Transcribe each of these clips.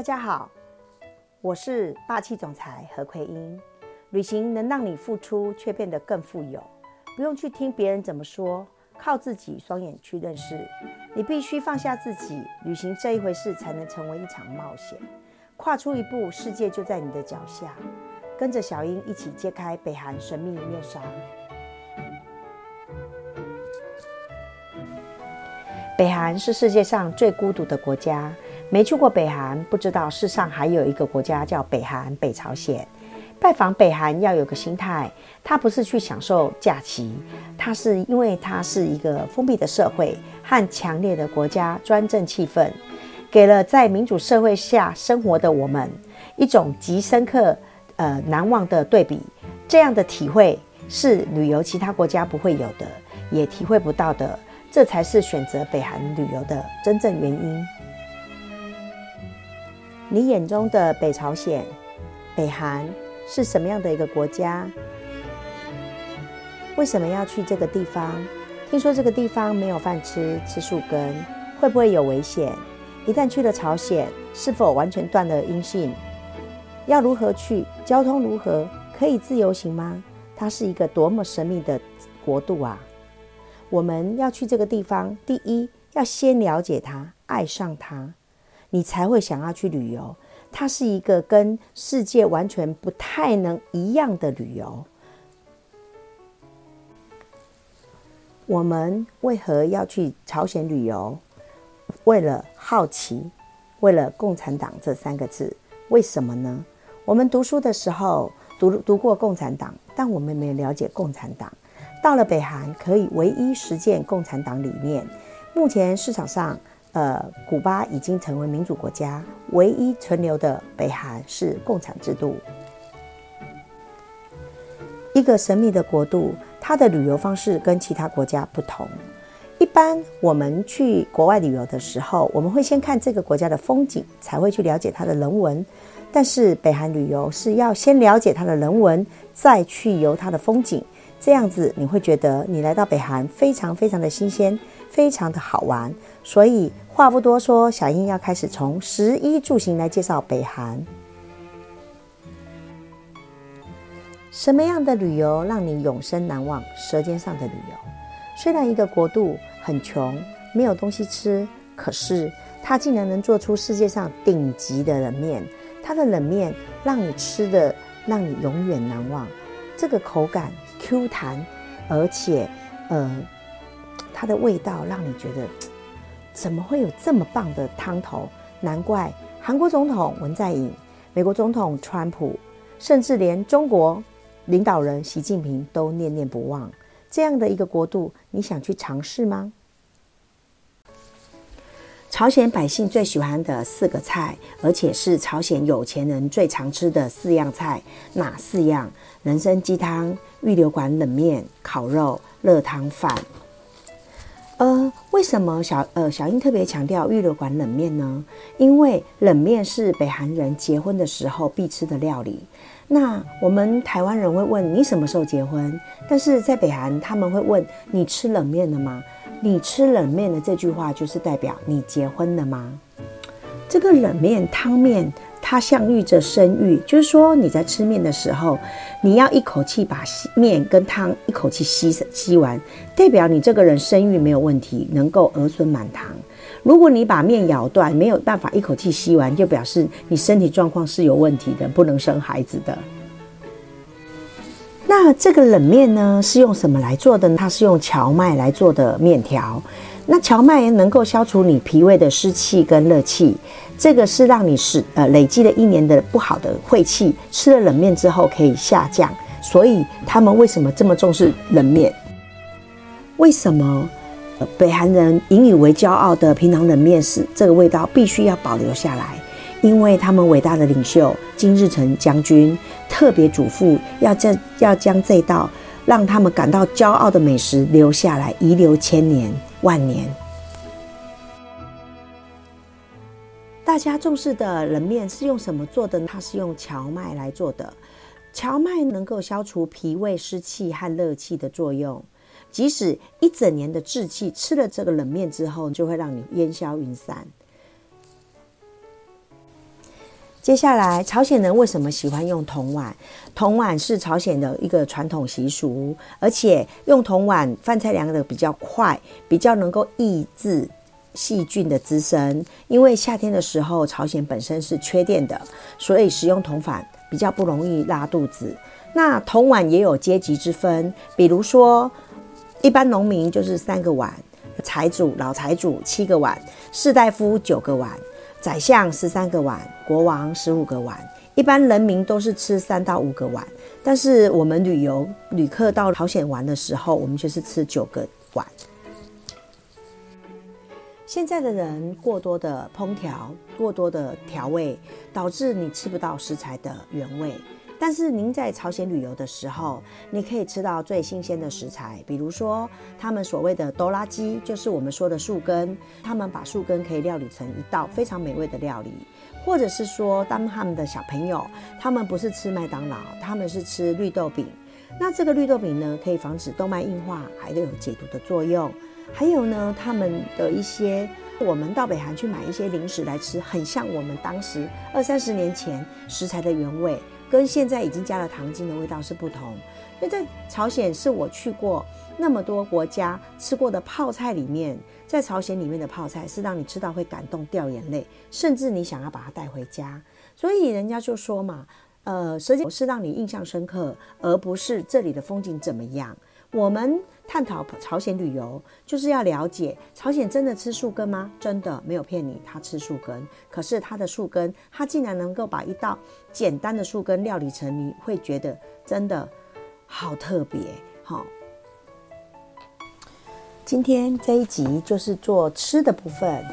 大家好，我是霸氣總裁何奎英。旅行能讓你付出，卻變得更富有。不用去聽別人怎麼說，靠自己雙眼去認識。你必須放下自己，旅行這一回事才能成為一場冒險。跨出一步，世界就在你的腳下。跟着小英一起揭開北韓神秘的面紗。北韓是世界上最孤獨的國家。沒去過北韓，不知道世上還有一個國家叫北韓、北朝鮮。拜訪北韓要有個心態，他不是去享受假期，他是因為他是一個封閉的社會和強烈的國家專政氣氛，給了在民主社會下生活的我們一種極深刻、呃難忘的對比。這樣的體會是旅遊其他國家不會有的，也體會不到的。這才是選擇北韓旅遊的真正原因。你眼中的北朝鮮、北韓是什麼樣的一個國家？為什麼要去這個地方？聽說這個地方沒有飯吃，吃樹根，會不會有危險？一旦去了朝鮮，是否完全斷了音訊？要如何去？交通如何？可以自由行嗎？它是一個多麼神秘的國度啊！我們要去這個地方，第一要先了解它，愛上它。你才會想要去旅遊，它是一個跟世界完全不太能一樣的旅遊。我們為何要去朝鮮旅遊？為了好奇，為了“共產黨”這三個字。為什麼呢？我們讀書的時候讀讀過共產黨，但我們沒有了解共產黨。到了北韓，可以唯一實踐共產黨理念。目前市場上。呃，古巴已經成為民主國家，唯一存留的北韓是共產制度。一個神秘的國度，它的旅遊方式跟其他國家不同。一般我們去國外旅遊的時候，我們會先看這個國家的風景，才會去了解它的人文。但是北韓旅遊是要先了解它的人文，再去遊它的風景。這樣子你會覺得你來到北韓非常非常的新鮮，非常的好玩。所以話不多說，小英要開始從食衣住行來介紹北韓。什麼樣的旅遊讓你永生難忘？舌尖上的旅遊。雖然一個國度很窮，沒有東西吃，可是它竟然能做出世界上頂級的冷麵。它的冷麵讓你吃的讓你永遠難忘，這個口感。Q 彈，而且，呃，它的味道讓你覺得，怎麼會有這麼棒的湯頭？難怪韓國總統文在寅、美國總統川普，甚至連中國領導人習近平都念念不忘這樣的一個國度。你想去嘗試嗎？朝鮮百姓最喜歡的四個菜，而且是朝鮮有錢人最常吃的四樣菜，哪四樣？人參雞湯、玉流館冷麵、烤肉、熱湯飯。呃，為什麼小呃小英特別強調玉流館冷麵呢？因為冷麵是北韓人結婚的時候必吃的料理。那我們台灣人會問你什麼時候結婚，但是在北韓他們會問你吃冷麵了嗎？你吃冷麵的這句話就是代表你結婚了嗎？這個冷麵湯麵。它象徵着生育，就是說你在吃麵的時候，你要一口氣把麵跟湯一口氣吸吸完，代表你這個人生育沒有問題，能夠兒孫滿堂。如果你把麵咬斷，沒有辦法一口氣吸完，就表示你身體狀況是有問題的，不能生孩子的。那這個冷麵呢，是用什麼來做的呢？它是用蕎麥來做的麵條。那蕎麥能夠消除你脾胃的濕氣跟熱氣，這個是讓你是呃累積了一年的不好的晦氣，吃了冷麵之後可以下降。所以他們為什麼這麼重視冷麵？為什麼、呃、北韓人引以為驕傲的平壤冷麵是這個味道必須要保留下來？因為他們偉大的領袖金日成將軍特別囑咐要將要將這道。讓他們感到驕傲的美食留下來，遺留千年萬年。大家重視的冷面是用什麼做的呢？它是用蕎麥來做的。蕎麥能夠消除脾胃濕氣和熱氣的作用，即使一整年的滯氣，吃了這個冷面之後，就會讓你煙消雲散。接下來，朝鮮人為什麼喜歡用銅碗？銅碗是朝鮮的一個傳統習俗，而且用銅碗飯菜涼的比較快，比較能夠抑制細菌的滋生。因為夏天的時候，朝鮮本身是缺電的，所以使用銅碗比較不容易拉肚子。那銅碗也有階級之分，比如說，一般農民就是三個碗，財主、老財主七個碗，士大夫九個碗。宰相十三個碗，國王十五個碗，一般人民都是吃三到五個碗。但是我們旅遊旅客到朝鮮玩的時候，我們就是吃九個碗。現在的人過多的烹調，過多的調味，導致你吃不到食材的原味。但是您在朝鮮旅遊的時候，你可以吃到最新鮮的食材，比如說他們所謂的多拉基，就是我們說的樹根，他們把樹根可以料理成一道非常美味的料理，或者是說當他們的小朋友，他們不是吃麥當勞，他們是吃綠豆餅，那這個綠豆餅呢，可以防止動脈硬化，還都有解毒的作用，還有呢，他們的一些。我們到北韓去買一些零食來吃，很像我們當時二三十年前食材的原味，跟現在已經加了糖精的味道是不同。那在朝鮮是我去過那麼多國家吃過的泡菜裡面，在朝鮮裡面的泡菜是讓你吃到會感動掉眼淚，甚至你想要把它帶回家。所以人家就說嘛，呃，舌尖是讓你印象深刻，而不是這裡的風景怎麼樣。我們探討朝鮮旅遊，就是要了解朝鮮真的吃樹根嗎？真的沒有騙你，他吃樹根。可是他的樹根，他竟然能夠把一道簡單的樹根料理成泥，會覺得真的好特別。好、哦，今天這一集就是做吃的部分。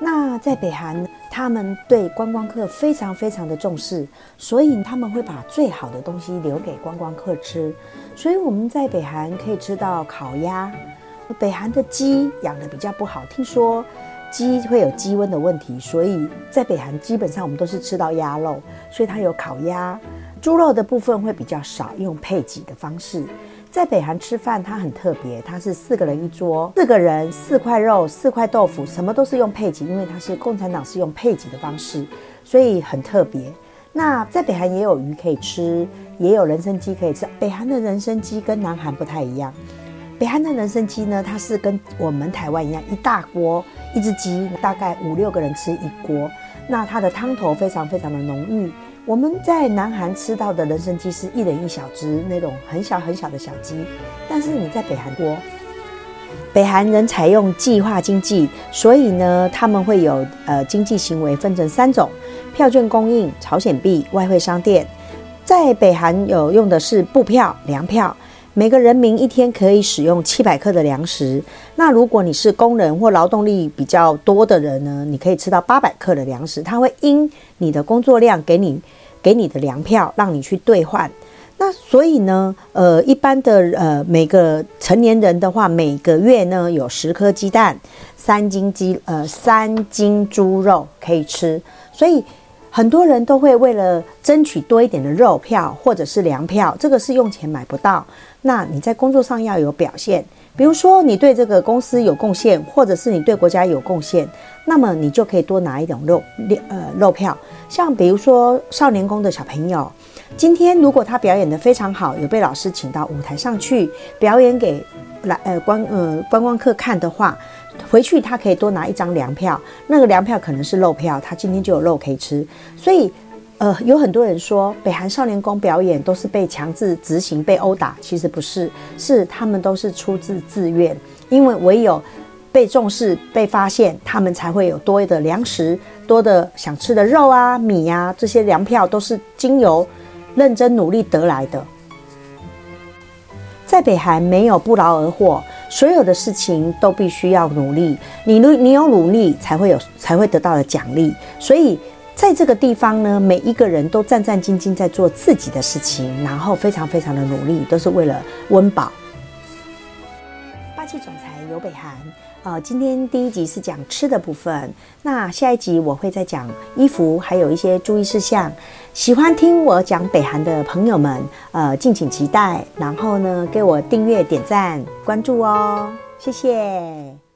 那在北韓。他們對觀光客非常非常的重視，所以他們會把最好的東西留給觀光客吃。所以我們在北韓可以吃到烤鴨，北韓的雞養得比較不好，聽說雞會有雞瘟的問題，所以在北韓基本上我們都是吃到鴨肉，所以它有烤鴨，豬肉的部分會比較少，用配給的方式。在北韓吃飯，它很特別，它是四個人一桌，四個人四塊肉，四塊豆腐，什麼都是用配給，因為它是共產黨是用配給的方式，所以很特別。那在北韓也有魚可以吃，也有人參雞可以吃。北韓的人參雞跟南韓不太一樣，北韓的人參雞呢，它是跟我們台灣一樣，一大鍋一隻雞，大概五六個人吃一鍋。那它的湯頭非常非常的濃郁。我們在南韓吃到的人參雞是一人一小隻那種很小很小的小雞，但是你在北韓多，北韓人採用計劃經濟，所以呢，他們會有呃經濟行為分成三種：票券供應、朝鮮幣、外匯商店。在北韓有用的是布票、糧票。每個人民一天可以使用七百克的糧食，那如果你是工人或勞動力比較多的人呢，你可以吃到八百克的糧食，他會因你的工作量給你給你的糧票，讓你去兌換。那所以呢，呃，一般的呃每個成年人的話，每個月呢有十顆雞蛋，三斤雞呃三斤豬肉可以吃，所以。很多人都會為了爭取多一點的肉票或者是糧票，這個是用錢買不到。那你在工作上要有表現，比如說你對這個公司有貢獻，或者是你對國家有貢獻，那麼你就可以多拿一點肉，呃，肉票。像比如說少年宮的小朋友，今天如果他表演得非常好，有被老師請到舞台上去表演給來呃觀呃觀光客看的話。回去他可以多拿一張糧票，那個糧票可能是肉票，他今天就有肉可以吃。所以，呃，有很多人說北韓少年宮表演都是被強制執行、被毆打，其實不是，是他們都是出自自願。因為唯有被重視、被發現，他們才會有多的糧食、多的想吃的肉啊、米啊。這些糧票都是經由認真努力得來的。在北韓沒有不勞而獲。所有的事情都必須要努力，你努你有努力才會有才會得到的獎勵。所以在這個地方呢，每一個人都戰戰兢兢在做自己的事情，然後非常非常的努力，都是為了溫飽。霸氣總裁遊北韓。呃，今天第一集是講吃的部分，那下一集我會再講衣服，還有一些注意事項。喜歡聽我講北韓的朋友們，呃，敬請期待，然後呢，給我訂閱、點讚、關注哦，謝謝。